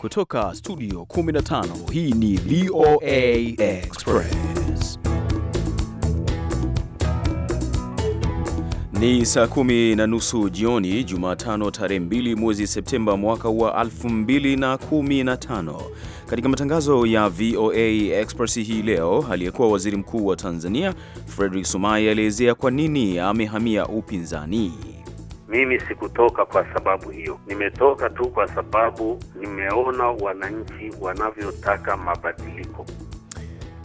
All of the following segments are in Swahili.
Kutoka studio 15 hii ni VOA Express. Ni saa kumi na nusu jioni Jumatano tarehe 2 mwezi Septemba mwaka wa 2015. Katika matangazo ya VOA Express hii leo, aliyekuwa waziri mkuu wa Tanzania Frederick Sumaye alielezea kwa nini amehamia upinzani. Mimi sikutoka kwa sababu hiyo, nimetoka tu kwa sababu nimeona wananchi wanavyotaka mabadiliko.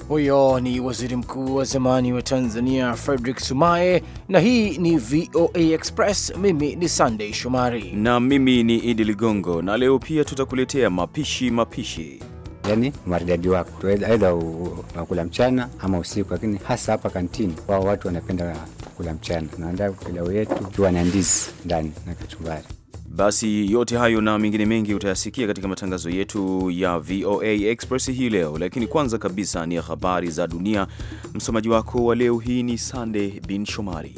Huyo ni waziri mkuu wa zamani wa Tanzania Frederick Sumaye, na hii ni VOA Express. Mimi ni sandey Shomari na mimi ni Idi Ligongo, na leo pia tutakuletea mapishi mapishi Yani maridadi wako aidha unakula mchana ama usiku, lakini hasa hapa kantini wao watu wanapenda chakula mchana. Tunaandaa pilau yetu ikiwa na ndizi ndani na kachumbari. Basi yote hayo na mengine mengi utayasikia katika matangazo yetu ya VOA Express hii leo, lakini kwanza kabisa ni habari za dunia. Msomaji wako wa leo hii ni Sande bin Shomari.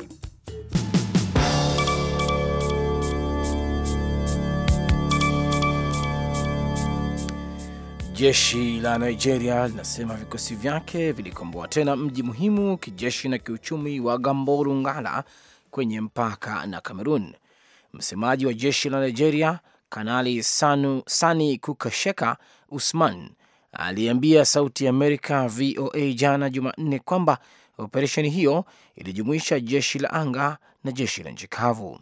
Jeshi la Nigeria linasema vikosi vyake vilikomboa tena mji muhimu kijeshi na kiuchumi wa Gamboru Ngala kwenye mpaka na Kamerun. Msemaji wa jeshi la Nigeria Kanali Sanu, Sani Kukasheka Usman aliambia Sauti ya Amerika VOA jana Jumanne kwamba operesheni hiyo ilijumuisha jeshi la anga na jeshi la nchi kavu.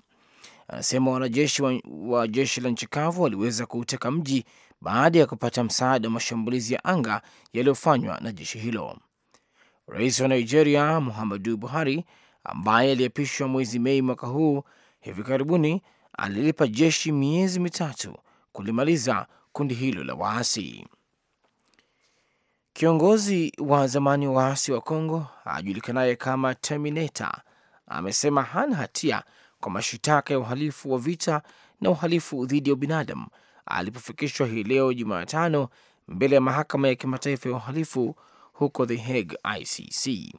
Anasema wanajeshi wa, wa jeshi la nchi kavu waliweza kuuteka mji baada ya kupata msaada wa mashambulizi ya anga yaliyofanywa na jeshi hilo. Rais wa Nigeria Muhammadu Buhari, ambaye aliapishwa mwezi Mei mwaka huu, hivi karibuni alilipa jeshi miezi mitatu kulimaliza kundi hilo la waasi. Kiongozi wa zamani wa waasi wa Kongo ajulikanaye kama Terminator amesema hana hatia kwa mashitaka ya uhalifu wa vita na uhalifu dhidi ya ubinadamu alipofikishwa hii leo Jumatano mbele ya mahakama ya kimataifa ya uhalifu huko The Hague, ICC.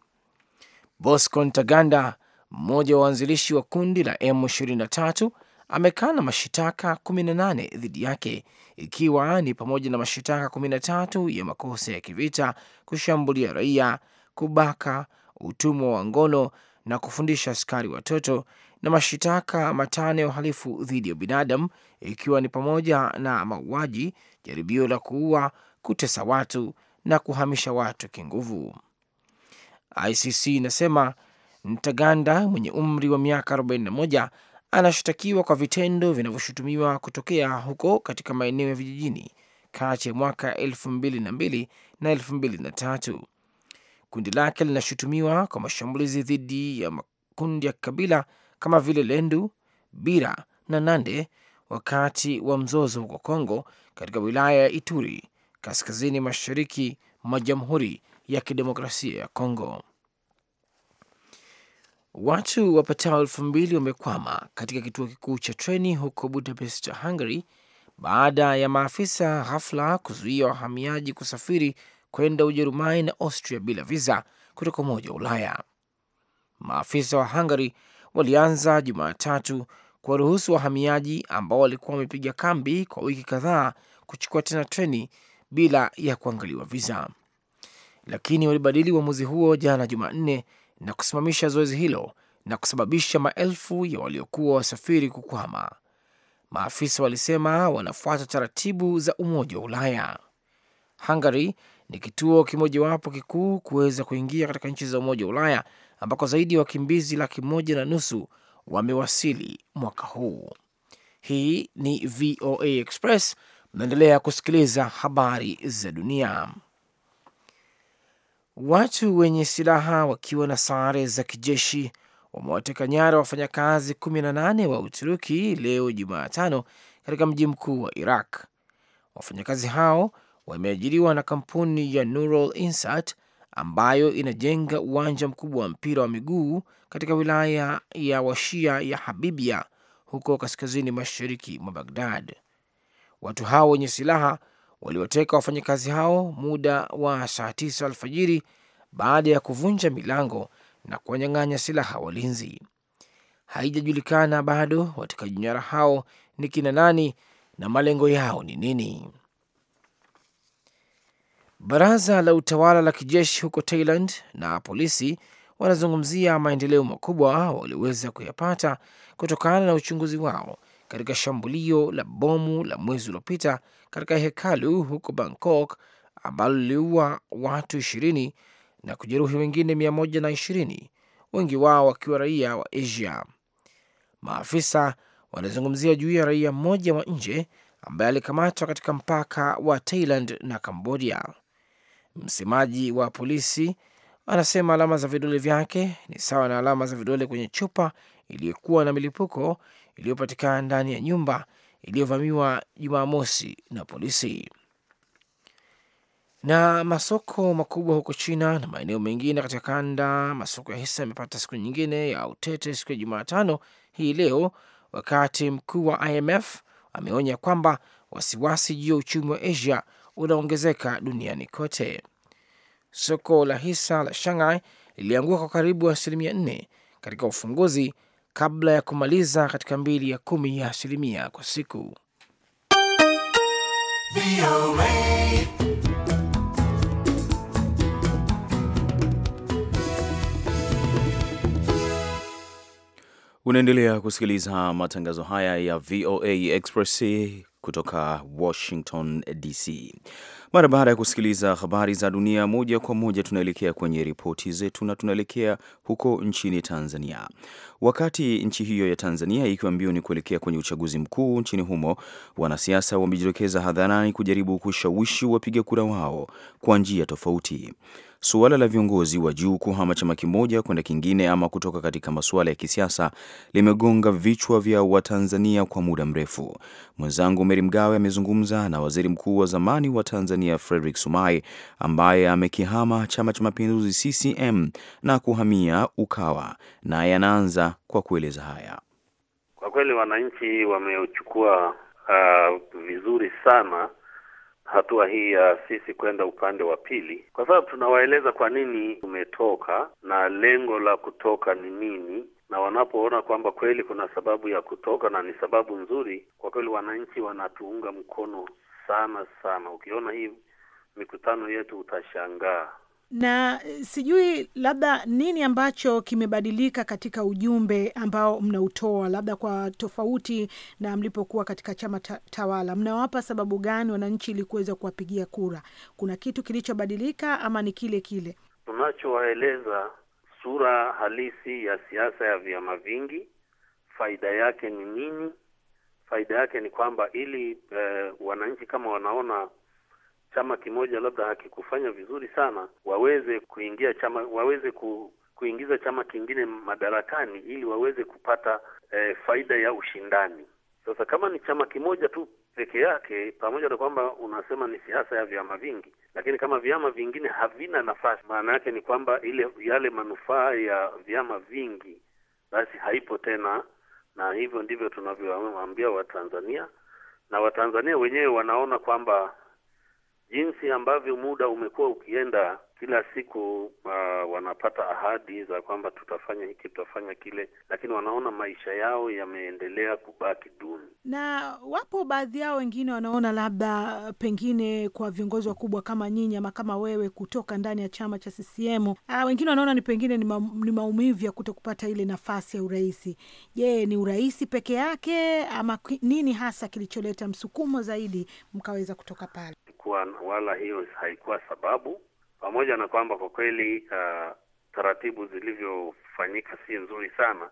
Bosco Ntaganda, mmoja wa waanzilishi wa kundi la M23, amekana mashitaka 18 dhidi yake ikiwa ni pamoja na mashitaka 13 ya makosa ya kivita, kushambulia raia, kubaka, utumwa wa ngono na kufundisha askari watoto na mashitaka matano ya uhalifu dhidi ya binadamu ikiwa ni pamoja na mauaji, jaribio la kuua, kutesa watu na kuhamisha watu kinguvu. ICC inasema Ntaganda mwenye umri wa miaka 41 anashtakiwa kwa vitendo vinavyoshutumiwa kutokea huko katika maeneo ya vijijini kati ya mwaka 2002 na 2003. Kundi lake linashutumiwa kwa mashambulizi dhidi ya makundi ya kikabila kama vile Lendu, Bira na Nande wakati wa mzozo huko Kongo katika wilaya ya Ituri kaskazini mashariki mwa Jamhuri ya Kidemokrasia ya Kongo. Watu wapatao elfu mbili wamekwama katika kituo kikuu cha treni huko Budapest, Hungary, baada ya maafisa ghafla kuzuia wahamiaji kusafiri kwenda Ujerumani na Austria bila viza kutoka Umoja wa Ulaya. Maafisa wa Hungary walianza Jumatatu kuwaruhusu wahamiaji ambao walikuwa wamepiga kambi kwa wiki kadhaa kuchukua tena treni bila ya kuangaliwa viza, lakini walibadili uamuzi huo jana Jumanne na kusimamisha zoezi hilo na kusababisha maelfu ya waliokuwa wasafiri kukwama. Maafisa walisema wanafuata taratibu za Umoja wa Ulaya. Hungary ni kituo kimojawapo kikuu kuweza kuingia katika nchi za Umoja wa Ulaya ambako zaidi ya wakimbizi laki moja na nusu wamewasili mwaka huu. Hii ni VOA Express, mnaendelea kusikiliza habari za dunia. Watu wenye silaha wakiwa na sare za kijeshi wamewateka nyara wafanyakazi 18 wa Uturuki leo Jumatano katika mji mkuu wa Iraq. Wafanyakazi hao wameajiriwa na kampuni ya Nural Insert ambayo inajenga uwanja mkubwa wa mpira wa miguu katika wilaya ya Washia ya Habibia huko kaskazini mashariki mwa Bagdad. Watu hao wenye silaha waliwateka wafanyakazi hao muda wa saa tisa alfajiri baada ya kuvunja milango na kuwanyang'anya silaha walinzi. Haijajulikana bado watekaji nyara hao ni kina nani na malengo yao ni nini. Baraza la utawala la kijeshi huko Thailand na polisi wanazungumzia maendeleo makubwa walioweza kuyapata kutokana na uchunguzi wao katika shambulio la bomu la mwezi uliopita katika hekalu huko Bangkok ambalo liliua watu ishirini na kujeruhi wengine mia moja na ishirini, wengi wao wakiwa raia wa Asia. Maafisa wanazungumzia juu ya raia mmoja wa nje ambaye alikamatwa katika mpaka wa Thailand na cambodia Msemaji wa polisi anasema alama za vidole vyake ni sawa na alama za vidole kwenye chupa iliyokuwa na milipuko iliyopatikana ndani ya nyumba iliyovamiwa Jumamosi na polisi. Na masoko makubwa huko China na maeneo mengine katika kanda, masoko ya hisa yamepata siku nyingine ya utete siku ya Jumatano hii leo, wakati mkuu wa IMF ameonya kwamba wasiwasi juu ya uchumi wa Asia unaongezeka duniani kote. Soko la hisa la Shanghai lilianguka kwa karibu asilimia nne katika ufunguzi kabla ya kumaliza katika mbili ya kumi ya asilimia kwa siku. Unaendelea kusikiliza matangazo haya ya VOA Express kutoka Washington DC. Mara baada ya kusikiliza habari za dunia moja kwa moja, tunaelekea kwenye ripoti zetu na tunaelekea huko nchini Tanzania. Wakati nchi hiyo ya Tanzania ikiwa ni kuelekea kwenye uchaguzi mkuu nchini humo, wanasiasa wamejitokeza hadharani kujaribu kushawishi wapiga kura wao kwa njia tofauti. Suala la viongozi wa juu kuhama chama kimoja kwenda kingine ama kutoka katika masuala ya kisiasa limegonga vichwa vya Watanzania kwa muda mrefu. Mwenzangu Meri Mgawe amezungumza na waziri mkuu wa zamani wa Tanzania Frederick sumai ambaye amekihama Chama cha Mapinduzi CCM na kuhamia Ukawa, naye anaanza kwa kueleza haya. Kwa kweli wananchi wameuchukua uh, vizuri sana hatua hii ya sisi kwenda upande wa pili, kwa sababu tunawaeleza kwa nini tumetoka na lengo la kutoka ni nini, na wanapoona kwamba kweli kuna sababu ya kutoka na ni sababu nzuri, kwa kweli wananchi wanatuunga mkono sana sana. Ukiona hii mikutano yetu utashangaa na eh, sijui labda nini ambacho kimebadilika katika ujumbe ambao mnautoa, labda kwa tofauti na mlipokuwa katika chama tawala. Mnawapa sababu gani wananchi ili kuweza kuwapigia kura? Kuna kitu kilichobadilika ama ni kile kile? Tunachowaeleza sura halisi ya siasa ya vyama vingi, faida yake ni nini? Faida yake ni kwamba ili eh, wananchi kama wanaona chama kimoja labda hakikufanya vizuri sana, waweze kuingia chama, waweze ku, kuingiza chama kingine madarakani ili waweze kupata e, faida ya ushindani. Sasa kama ni chama kimoja tu peke yake, pamoja na kwamba unasema ni siasa ya vyama vingi, lakini kama vyama vingine havina nafasi, maana yake ni kwamba ile yale manufaa ya vyama vingi basi haipo tena, na hivyo ndivyo tunavyowaambia Watanzania na Watanzania wenyewe wanaona kwamba jinsi ambavyo muda umekuwa ukienda kila siku uh, wanapata ahadi za kwamba tutafanya hiki tutafanya kile, lakini wanaona maisha yao yameendelea kubaki duni, na wapo baadhi yao wengine wanaona labda pengine kwa viongozi wakubwa kama nyinyi ama kama wewe kutoka ndani ya chama cha CCM, uh, wengine wanaona ni pengine ni, ma, ni maumivu ya kuto kupata ile nafasi ya urais. Je, ni urais peke yake ama nini hasa kilicholeta msukumo zaidi mkaweza kutoka pale? hakuwa wala hiyo haikuwa sababu, pamoja na kwamba kwa kweli uh, taratibu zilivyofanyika si nzuri sana,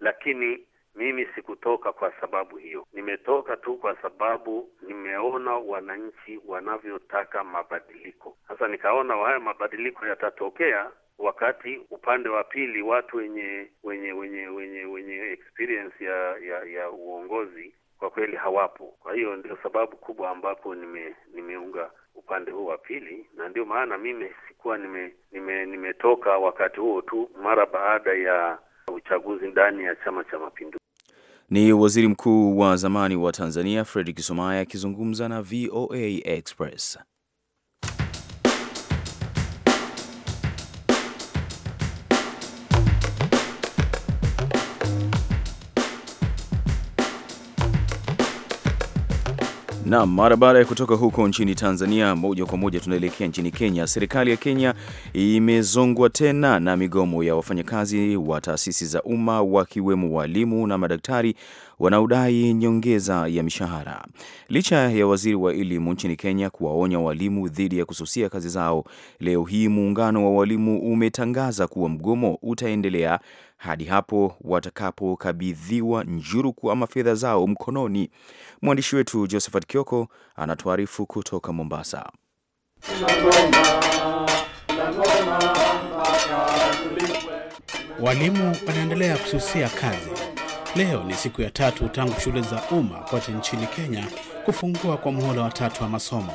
lakini mimi sikutoka kwa sababu hiyo. Nimetoka tu kwa sababu nimeona wananchi wanavyotaka mabadiliko. Sasa nikaona haya mabadiliko yatatokea wakati upande wa pili watu wenye wenye wenye wenye wenye experience ya ya, ya uongozi kwa kweli hawapo. Kwa hiyo ndio sababu kubwa ambapo nime, nimeunga upande huu wa pili, na ndio maana mimi sikuwa nime, nime, nimetoka wakati huo tu mara baada ya uchaguzi ndani ya Chama cha Mapinduzi. Ni Waziri Mkuu wa zamani wa Tanzania Fredrick Sumaye akizungumza na VOA Express. Na mara baada ya kutoka huko nchini Tanzania, moja kwa moja tunaelekea nchini Kenya. Serikali ya Kenya imezongwa tena na migomo ya wafanyakazi wa taasisi za umma wakiwemo walimu na madaktari wanaodai nyongeza ya mishahara. Licha ya waziri wa elimu nchini Kenya kuwaonya walimu dhidi ya kususia kazi zao, leo hii muungano wa walimu umetangaza kuwa mgomo utaendelea hadi hapo watakapokabidhiwa njuruku ama fedha zao mkononi. Mwandishi wetu Josephat Kioko anatuarifu kutoka Mombasa. Walimu wanaendelea kususia kazi Leo ni siku ya tatu tangu shule za umma kote nchini Kenya kufungua kwa muhula wa tatu wa masomo,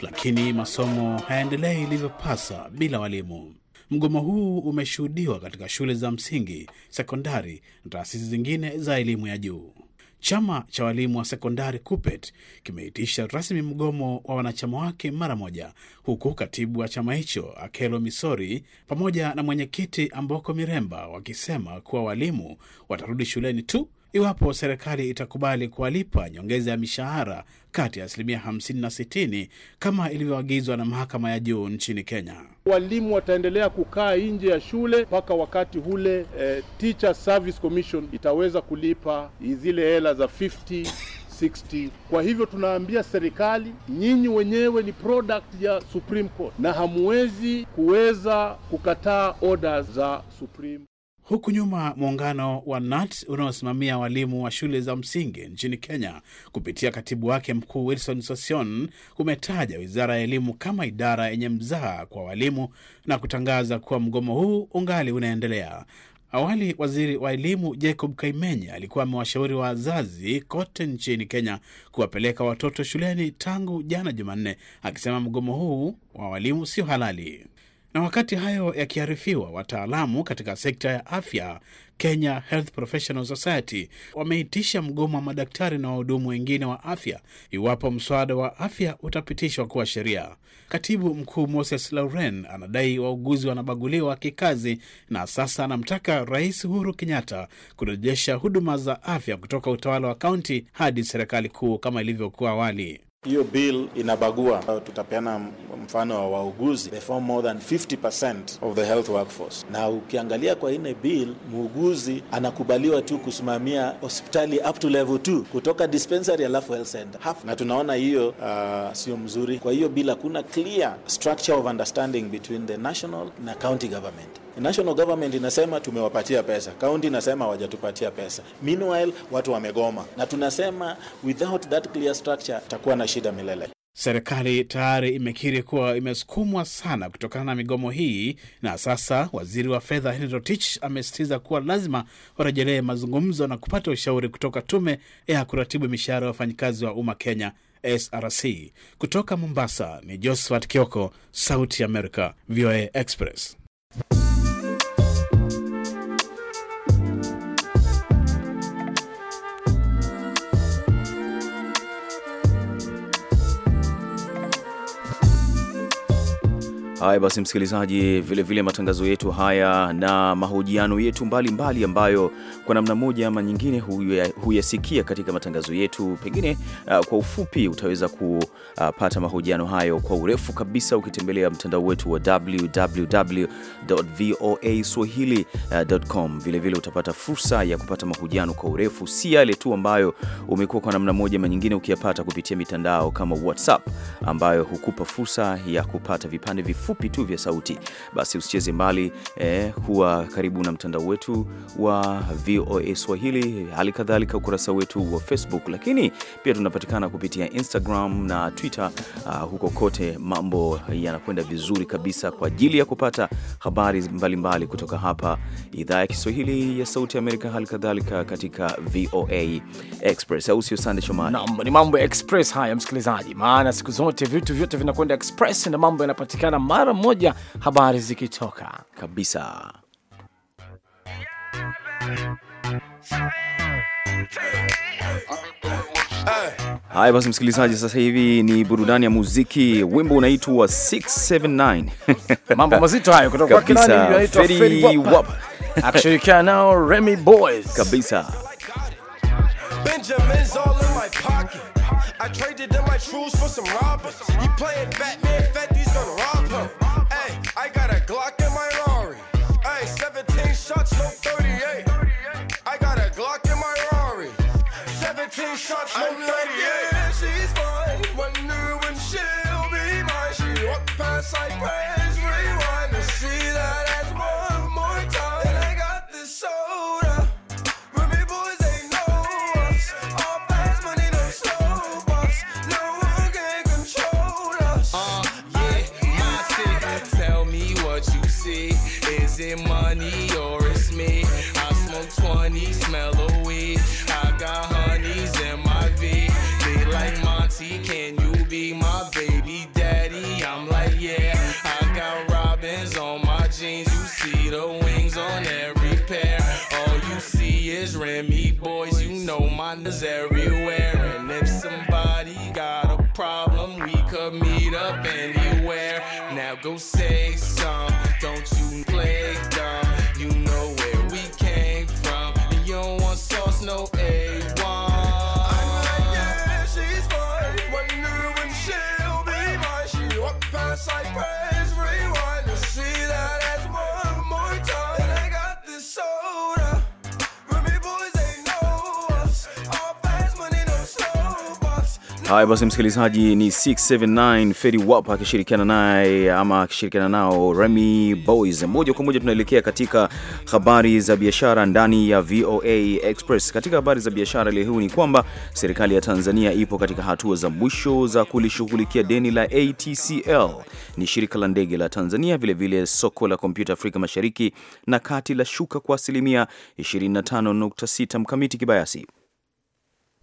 lakini masomo hayaendelei ilivyopasa bila walimu. Mgomo huu umeshuhudiwa katika shule za msingi, sekondari na taasisi zingine za elimu ya juu. Chama cha walimu wa sekondari kupet kimeitisha rasmi mgomo wa wanachama wake mara moja, huku katibu wa chama hicho Akelo Misori pamoja na mwenyekiti Amboko Miremba wakisema kuwa walimu watarudi shuleni tu iwapo serikali itakubali kuwalipa nyongeza ya mishahara kati ya asilimia 50 na 60 kama ilivyoagizwa na mahakama ya juu nchini Kenya. Walimu wataendelea kukaa nje ya shule mpaka wakati ule eh, Teacher Service Commission itaweza kulipa zile hela za 50 60. Kwa hivyo tunaambia serikali, nyinyi wenyewe ni product ya Supreme Court na hamwezi kuweza kukataa orders za Supreme Huku nyuma muungano wa nat unaosimamia walimu wa shule za msingi nchini Kenya kupitia katibu wake mkuu Wilson Sosion umetaja wizara ya elimu kama idara yenye mzaha kwa walimu na kutangaza kuwa mgomo huu ungali unaendelea. Awali waziri wa elimu Jacob Kaimenyi alikuwa amewashauri wazazi kote nchini Kenya kuwapeleka watoto shuleni tangu jana Jumanne, akisema mgomo huu wa walimu sio halali. Na wakati hayo yakiharifiwa, wataalamu katika sekta ya afya Kenya Health Professional Society wameitisha mgomo wa madaktari na wahudumu wengine wa afya iwapo mswada wa afya utapitishwa kuwa sheria. Katibu mkuu Moses Lauren anadai wauguzi wanabaguliwa kikazi, na sasa anamtaka Rais Uhuru Kenyatta kurejesha huduma za afya kutoka utawala wa kaunti hadi serikali kuu kama ilivyokuwa awali. Hiyo bill inabagua. Uh, tutapeana mfano wa wauguzi, they form more than 50% of the health workforce. Na ukiangalia kwa ine bill, muuguzi anakubaliwa tu kusimamia hospitali up to level 2 kutoka dispensary alafu health center half, na tunaona hiyo uh, sio mzuri. Kwa hiyo bill hakuna clear structure of understanding between the national na county government. National government inasema tumewapatia pesa, kaunti inasema hawajatupatia pesa. Meanwhile watu wamegoma, na tunasema without that clear structure takuwa na shida milele. Serikali tayari imekiri kuwa imesukumwa sana kutokana na migomo hii, na sasa waziri wa fedha Henry Rotich amesisitiza kuwa lazima warejelee mazungumzo na kupata ushauri kutoka tume ya kuratibu mishahara ya wafanyikazi wa umma Kenya, SRC. Kutoka Mombasa ni Josephat Kioko, Sauti ya America, VOA Express. Haya basi, msikilizaji, vilevile vile matangazo yetu haya na mahojiano yetu mbalimbali mbali ambayo kwa namna moja ama nyingine huyasikia katika matangazo yetu, pengine uh, kwa ufupi utaweza kupata mahojiano hayo kwa urefu kabisa ukitembelea mtandao wetu wa www.voaswahili.com. Vilevile utapata fursa ya kupata mahojiano kwa urefu, si yale tu ambayo umekuwa kwa namna moja ama nyingine ukiyapata kupitia mitandao kama WhatsApp ambayo hukupa fursa ya kupata vipande vifu vifupi tu vya sauti, basi usicheze mbali eh, huwa karibu na mtandao wetu wa VOA Swahili, hali kadhalika ukurasa wetu wa Facebook, lakini pia tunapatikana kupitia Instagram na Twitter. Uh, huko kote mambo yanakwenda vizuri kabisa kwa ajili ya kupata habari mbalimbali mbali kutoka hapa idhaa ya Kiswahili ya Sauti ya Amerika, hali kadhalika katika VOA Express, au sio Sande Shomari? Naam, ni mambo ya express haya msikilizaji, maana siku zote vitu vyote vinakwenda express na mambo yanapatikana mara moja habari zikitoka kabisa. Haya basi, msikilizaji, sasa hivi ni burudani ya muziki. Wimbo unaitwa 679 mambo mazito hayo kutoka kwa kinani, unaitwa Fetty Wap akishirikiana nao Remy Boys kabisa. Benjamin's all in my pocket I traded in my truths for some robbers. He playing Batman, fat he's gonna rob him. Hey, I got a Glock in my Rari. Hey, 17 shots, no 38. I got a Glock in my Rari. 17 shots, no 38. Yeah, she's mine. Wonder when she'll be mine. She walked past like waves, rewind to see that as and me boys, you know mine is everywhere. And if somebody got a problem, we could meet up anywhere. Now go say Haya basi, msikilizaji, ni 679 Fedi Wap akishirikiana naye ama akishirikiana nao Remy Boys. Moja kwa moja tunaelekea katika habari za biashara ndani ya VOA Express. Katika habari za biashara leo hii ni kwamba serikali ya Tanzania ipo katika hatua za mwisho za kulishughulikia deni la ATCL, ni shirika la ndege la Tanzania, vilevile vile soko la kompyuta Afrika Mashariki na Kati la shuka kwa asilimia 25.6. Mkamiti Kibayasi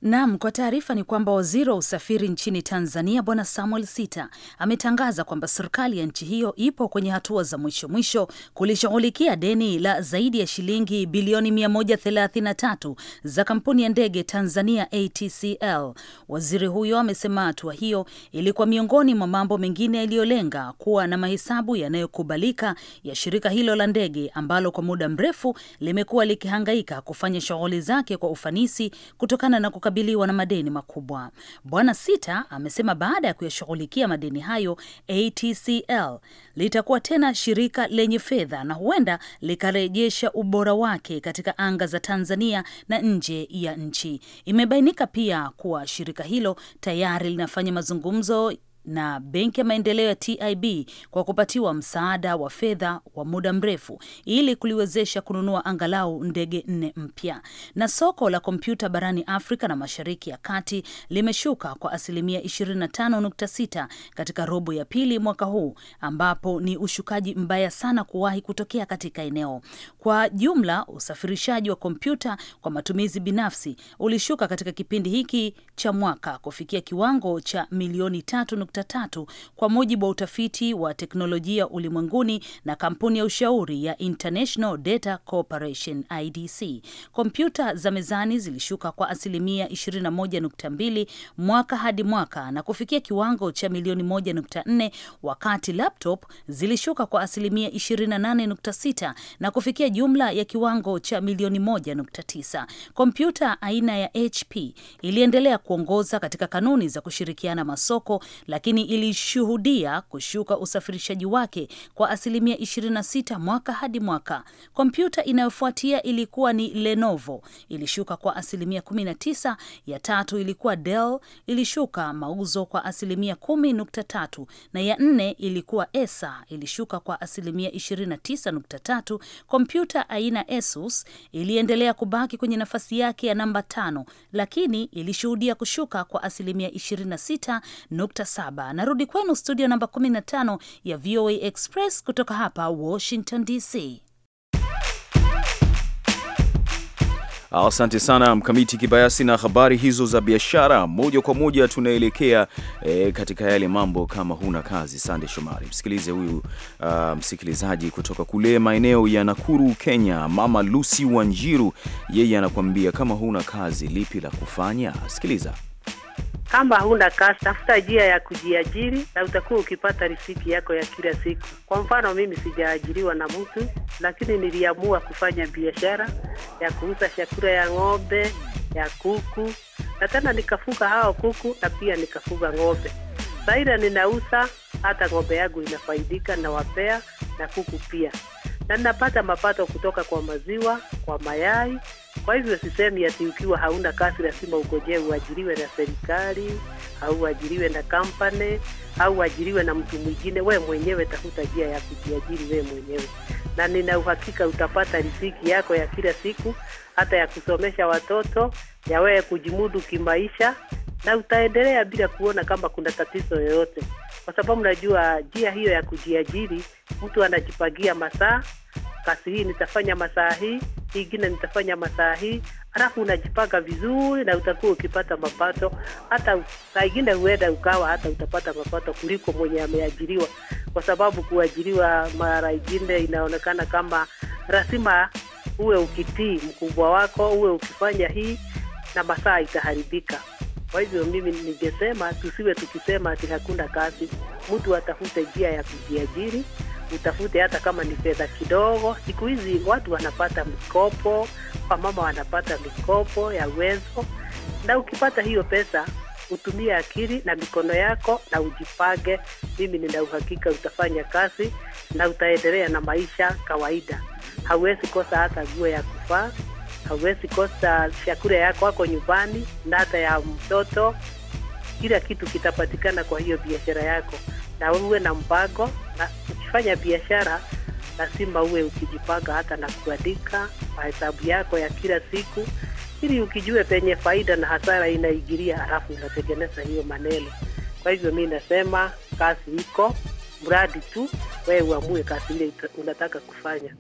Naam, kwa taarifa ni kwamba waziri wa usafiri nchini Tanzania Bwana Samuel Sita ametangaza kwamba serikali ya nchi hiyo ipo kwenye hatua za mwisho mwisho kulishughulikia deni la zaidi ya shilingi bilioni 133 za kampuni ya ndege Tanzania ATCL. Waziri huyo amesema hatua hiyo ilikuwa miongoni mwa mambo mengine yaliyolenga kuwa na mahesabu yanayokubalika ya shirika hilo la ndege ambalo kwa muda mrefu limekuwa likihangaika kufanya shughuli zake kwa ufanisi kutokana na kukabiliwa na madeni makubwa. Bwana Sita amesema baada ya kuyashughulikia madeni hayo, ATCL litakuwa tena shirika lenye fedha na huenda likarejesha ubora wake katika anga za Tanzania na nje ya nchi. Imebainika pia kuwa shirika hilo tayari linafanya mazungumzo na Benki ya Maendeleo ya TIB kwa kupatiwa msaada wa fedha wa muda mrefu ili kuliwezesha kununua angalau ndege nne mpya. Na soko la kompyuta barani Afrika na Mashariki ya Kati limeshuka kwa asilimia 25.6 katika robo ya pili mwaka huu, ambapo ni ushukaji mbaya sana kuwahi kutokea katika eneo. Kwa jumla, usafirishaji wa kompyuta kwa matumizi binafsi ulishuka katika kipindi hiki cha mwaka kufikia kiwango cha milioni tatu 3 kwa mujibu wa utafiti wa teknolojia ulimwenguni na kampuni ya ushauri ya International Data Corporation IDC. Kompyuta za mezani zilishuka kwa asilimia 21.2 mwaka hadi mwaka na kufikia kiwango cha milioni 1.4, wakati laptop zilishuka kwa asilimia 28.6 na kufikia jumla ya kiwango cha milioni 1.9. Kompyuta aina ya HP iliendelea kuongoza katika kanuni za kushirikiana masoko, lakini lakini ilishuhudia kushuka usafirishaji wake kwa asilimia 26 mwaka hadi mwaka. Kompyuta inayofuatia ilikuwa ni Lenovo, ilishuka kwa asilimia 19. Ya tatu ilikuwa Dell, ilishuka mauzo kwa asilimia 10.3, na ya nne ilikuwa Acer, ilishuka kwa asilimia 29.3. Kompyuta aina Asus iliendelea kubaki kwenye nafasi yake ya namba tano, lakini ilishuhudia kushuka kwa asilimia 26.7 saba. Narudi kwenu studio namba 15 ya VOA Express kutoka hapa Washington DC. Asante sana Mkamiti Kibayasi na habari hizo za biashara. Moja kwa moja tunaelekea e, katika yale mambo kama huna kazi. Sande Shomari, msikilize huyu uh, msikilizaji kutoka kule maeneo ya Nakuru, Kenya, Mama Lucy Wanjiru, yeye anakuambia kama huna kazi lipi la kufanya. Sikiliza. Kama huna kazi, tafuta njia ya kujiajiri na utakuwa ukipata risiki yako ya kila siku. Kwa mfano, mimi sijaajiriwa na mtu, lakini niliamua kufanya biashara ya kuuza chakula ya ng'ombe, ya kuku, na tena nikafuga hao kuku na pia nikafuga ng'ombe. Saida ninauza hata ng'ombe yangu inafaidika na wapea na kuku pia, na ninapata mapato kutoka kwa maziwa, kwa mayai kwa hivyo sisemi ati ukiwa hauna kazi lazima ugojee uajiriwe na serikali au uajiriwe na kampani au uajiriwe na mtu mwingine. wee mwenyewe tafuta njia ya kujiajiri we mwenyewe, na nina uhakika utapata riziki yako ya kila siku, hata ya kusomesha watoto, ya wewe kujimudu kimaisha, na utaendelea bila kuona kama kuna tatizo yoyote, kwa sababu najua njia hiyo ya kujiajiri, mtu anajipangia masaa kazi hii nitafanya masaa hii, ingine nitafanya masaa hii, alafu unajipanga vizuri na utakuwa ukipata mapato. Hata saa ingine huenda ukawa hata utapata mapato kuliko mwenye ameajiriwa, kwa sababu kuajiriwa mara ingine inaonekana kama lazima uwe ukitii mkubwa wako, uwe ukifanya hii na masaa itaharibika. Kwa hivyo mimi ningesema tusiwe tukisema ati hakuna kazi, mtu atafute njia ya kujiajiri utafute hata kama ni fedha kidogo. Siku hizi watu wanapata mikopo, wamama wanapata mikopo ya uwezo, na ukipata hiyo pesa utumie akili na mikono yako na ujipange. Mimi nina uhakika utafanya kazi na utaendelea na maisha kawaida. Hauwezi kosa hata nguo ya kuvaa, hauwezi kosa chakula yako ako nyumbani na hata ya mtoto. Kila kitu kitapatikana kwa hiyo biashara yako na uwe na mpango, na ukifanya biashara lazima uwe ukijipanga hata na kuandika mahesabu yako ya kila siku, ili ukijue penye faida na hasara inaingilia, halafu unatengeneza hiyo maneno. Kwa hivyo mi nasema kazi iko, mradi tu wewe uamue kazi ile unataka kufanya.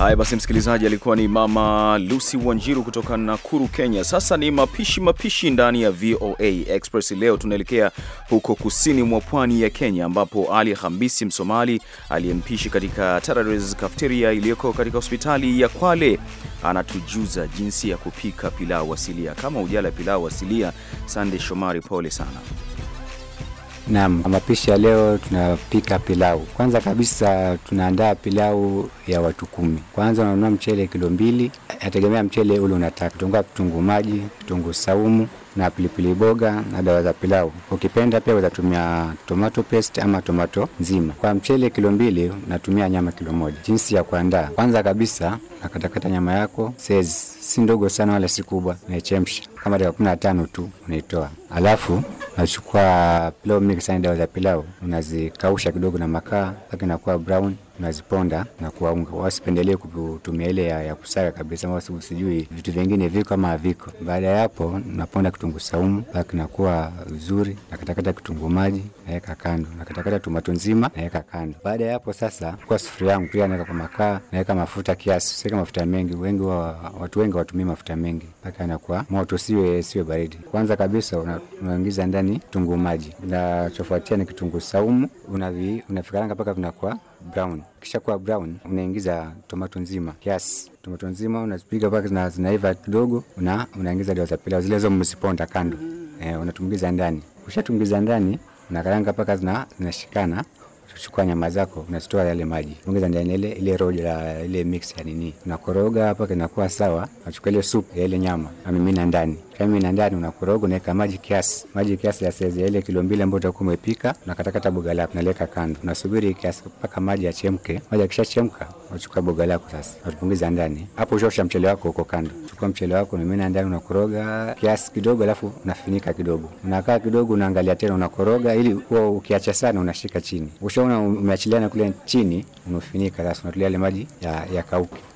Haya basi, msikilizaji, alikuwa ni Mama Lucy Wanjiru kutoka Nakuru, Kenya. Sasa ni mapishi mapishi ndani ya VOA Express. Leo tunaelekea huko kusini mwa pwani ya Kenya, ambapo Ali Hamisi Msomali aliyempishi katika Tarares Cafeteria iliyoko katika hospitali ya Kwale anatujuza jinsi ya kupika pilau asilia. Kama ujala pilau asilia, Sande Shomari, pole sana. Naam, mapishi ya leo tunapika pilau. Kwanza kabisa tunaandaa pilau ya watu kumi. Kwanza unanunua mchele kilo mbili, yategemea mchele ule unataka. Tunga vitunguu maji, vitunguu saumu na pilipili boga na dawa za pilau. Ukipenda pia utatumia tomato paste ama tomato nzima. Kwa mchele kilo mbili unatumia nyama kilo moja. Jinsi ya kuandaa, kwanza kabisa nakatakata nyama yako size si ndogo sana wala si kubwa, naichemsha kama dakika kumi na tano tu unaitoa, alafu Nachukua pilau mingi sana, dawa za pilau unazikausha kidogo na makaa mpaka inakuwa brown naziponda na kuwaunga. Wasipendelee kutumia ile ya, ya kusaga kabisa, sijui vitu vingine viko ama haviko. Baada ya hapo, naponda kitunguu saumu mpaka kinakuwa vizuri, nakatakata kitunguu maji naweka kando, nakatakata tomato nzima naweka kando. Baada ya hapo sasa, kwa sufuria yangu pia naweka kwa makaa, naweka mafuta kiasi, sika mafuta mengi. Wengi wa, watu wengi watumii mafuta mengi mpaka anakuwa moto, siwe siwe baridi. Kwanza kabisa unaingiza ndani kitunguu maji, nachofuatia ni kitunguu saumu, unafikaranga mpaka vinakuwa brown. Kisha kuwa brown, unaingiza tomato nzima kiasi. Tomato nzima unazipiga mpaka zinaiva kidogo, una unaingiza dawa za pilau zile hizo msiponda kando. Eh, unatumgiza ndani. Ukishatumgiza ndani, unakaranga mpaka zina zinashikana. Chukua nyama zako unazitoa yale maji, ongeza ndani ile ile rojo la ile mix ya nini, unakoroga hapa, kinakuwa sawa. Unachukua ile supu ya ile nyama amimina ndani kama yaani na ndani unakoroga, unaweka maji kiasi, maji kiasi ya sezi ile kilo mbili ambayo utakuwa umepika, unakatakata boga lako, unaleka kando, unasubiri kiasi mpaka maji yachemke. Maji yakishachemka, unachukua boga lako sasa, unatumbukiza ndani hapo. Ushosha mchele wako huko kando, chukua mchele wako, mimina ndani, unakoroga kiasi kidogo, alafu unafinika kidogo, unakaa kidogo, unaangalia tena, unakoroga ili uo, ukiacha sana unashika chini. Ushaona umeachiliana kule chini, unafinika sasa, unatulia ile maji ya, ya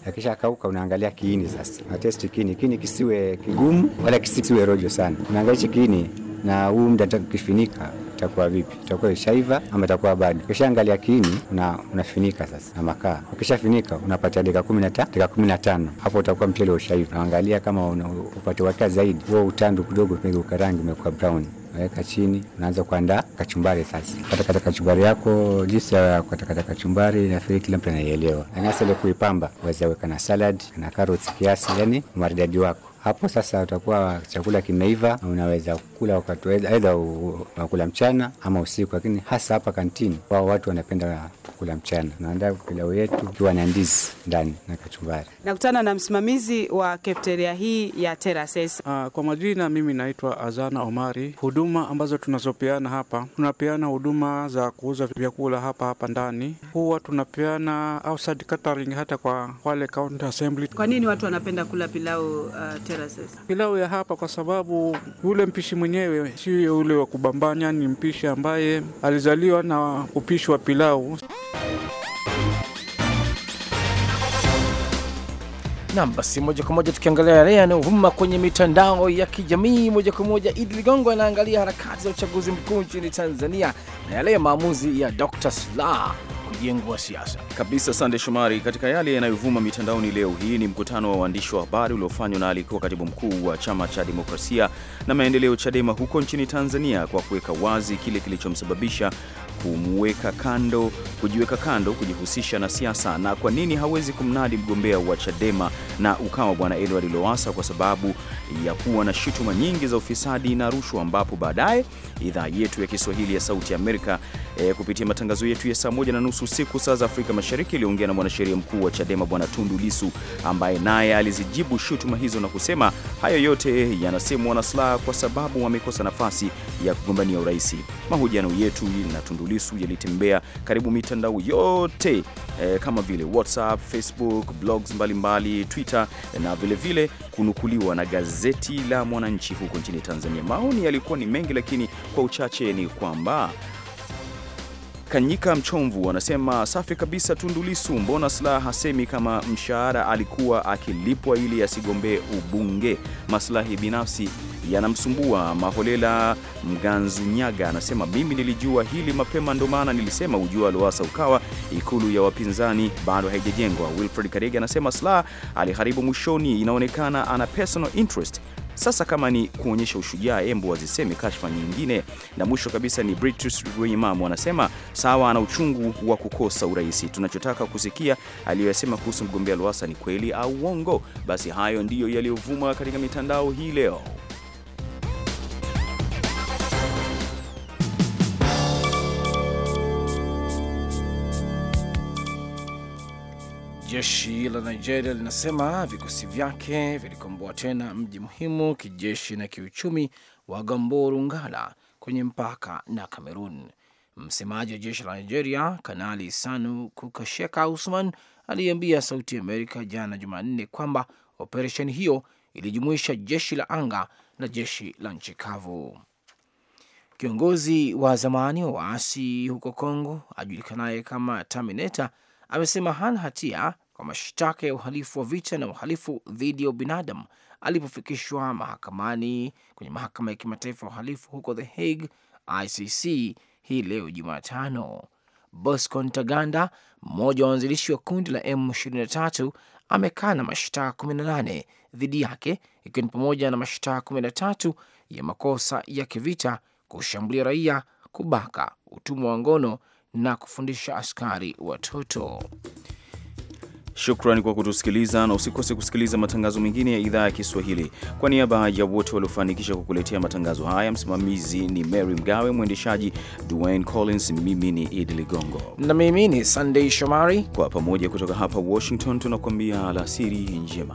Akisha kauka, unaangalia kiini sasa, test kiini. Kiini kisiwe kigumu wala kisiwe rojo sana, unaangalia kiini na huu mda kifinika itakuwa vipi? Itakuwa ishaiva ama itakuwa bado? Ukishaangalia kiini una, unafinika sasa na makaa. Ukishafinika unapatia dakika kumi na tano dakika kumi na tano hapo utakuwa mchele ushaiva. Unaangalia kama upate waka zaidi, huo utandu kidogo, pengine ukarangi umekuwa brown naweka chini, unaanza kuandaa kachumbari. Sasa katakata kachumbari yako, jinsi ya katakata kachumbari nafikiri kila mtu anaielewa, lakini ile kuipamba, waweza weka na salad na karoti kiasi, yani maridadi wako hapo sasa utakuwa chakula kimeiva, unaweza kula wakati aidha unakula mchana ama usiku, lakini hasa hapa kantini wao watu wanapenda kula mchana. Naandaa pilau yetu ikiwa na ndizi ndani na kachumbari. Nakutana na msimamizi wa kefteria hii ya Terases. Uh, ah, kwa majina mimi naitwa Azana Omari. Huduma ambazo tunazopeana hapa, tunapeana huduma za kuuza vyakula hapa hapa ndani, huwa tunapeana outside catering hata kwa wale counter assembly. Kwa nini watu wanapenda kula pilau uh, biashara sasa. Pilau ya hapa kwa sababu yule mpishi mwenyewe sio ule wa kubambanya, ni mpishi ambaye alizaliwa na upishi wa pilau. Nam, basi moja kwa moja tukiangalia yale yanayovuma kwenye mitandao ya kijamii moja kwa moja, Idi Ligongo anaangalia harakati za uchaguzi mkuu nchini Tanzania na yale ya maamuzi ya Dr. Slaa mjengo wa siasa kabisa. Sande Shomari, katika yale yanayovuma mitandaoni leo hii ni mkutano wa waandishi wa habari uliofanywa na alikuwa katibu mkuu wa chama cha demokrasia na maendeleo CHADEMA huko nchini Tanzania, kwa kuweka wazi kile kilichomsababisha kumweka kando, kujiweka kando kujihusisha na siasa, na kwa nini hawezi kumnadi mgombea wa Chadema na Ukawa bwana Edward Lowasa kwa sababu ya kuwa na shutuma nyingi za ufisadi na rushwa, ambapo baadaye idhaa yetu ya Kiswahili ya Sauti ya Amerika e, kupitia matangazo yetu ya saa moja na nusu usiku saa za Afrika Mashariki iliongea na mwanasheria mkuu wa Chadema bwana Tundu Lisu ambaye naye alizijibu shutuma hizo na kusema hayo yote yanasemwa na silaha kwa sababu wamekosa nafasi ya kugombania urais. Mahojiano yetu na Tundu Tundu Lissu yalitembea karibu mitandao yote e, kama vile WhatsApp, Facebook, blogs mbalimbali mbali, Twitter na vilevile vile kunukuliwa na gazeti la Mwananchi huko nchini Tanzania. Maoni yalikuwa ni mengi, lakini kwa uchache ni kwamba Kanyika Mchomvu anasema safi kabisa, Tundulisu, mbona Slaa hasemi kama mshahara alikuwa akilipwa ili asigombee ubunge? Maslahi binafsi yanamsumbua maholela. Mganzunyaga anasema mimi nilijua hili mapema, ndo maana nilisema ujua Lowassa Ukawa ikulu ya wapinzani bado haijajengwa. Wilfred Karege anasema Slaa aliharibu mwishoni, inaonekana ana personal interest sasa kama ni kuonyesha ushujaa, embo waziseme kashfa nyingine. Na mwisho kabisa ni British Imam anasema sawa, ana uchungu wa kukosa urais. Tunachotaka kusikia aliyoyasema kuhusu mgombea Lowassa ni kweli au uongo. Basi hayo ndiyo yaliyovuma katika mitandao hii leo. Jeshi la Nigeria linasema vikosi vyake vilikomboa tena mji muhimu kijeshi na kiuchumi wa Gamboru Ngala kwenye mpaka na Kamerun. Msemaji wa jeshi la Nigeria, Kanali Sanu Kukasheka Usman, aliambia Sauti Amerika jana Jumanne kwamba operesheni hiyo ilijumuisha jeshi la anga na jeshi la nchi kavu. Kiongozi wa zamani wa waasi huko Kongo ajulikanaye kama Terminator amesema hana hatia kwa mashtaka ya uhalifu wa vita na uhalifu dhidi ya ubinadamu alipofikishwa mahakamani kwenye mahakama ya kimataifa ya uhalifu huko The Hague, ICC, hii leo Jumatano. Bosco Ntaganda, mmoja wa wanzilishi wa kundi la M23, amekaa na mashtaka 18 dhidi yake, ikiwa ni pamoja na mashtaka 13 ya makosa ya kivita, kushambulia raia, kubaka, utumwa wa ngono na kufundisha askari watoto. Shukrani kwa kutusikiliza na usikose kusikiliza matangazo mengine ya idhaa ya Kiswahili. Kwa niaba ya wote waliofanikisha kukuletea matangazo haya, msimamizi ni Mary Mgawe, mwendeshaji Dwayne Collins, mimi ni Idi Ligongo na mimi ni sandey Shomari. Kwa pamoja kutoka hapa Washington tunakuambia alasiri njema.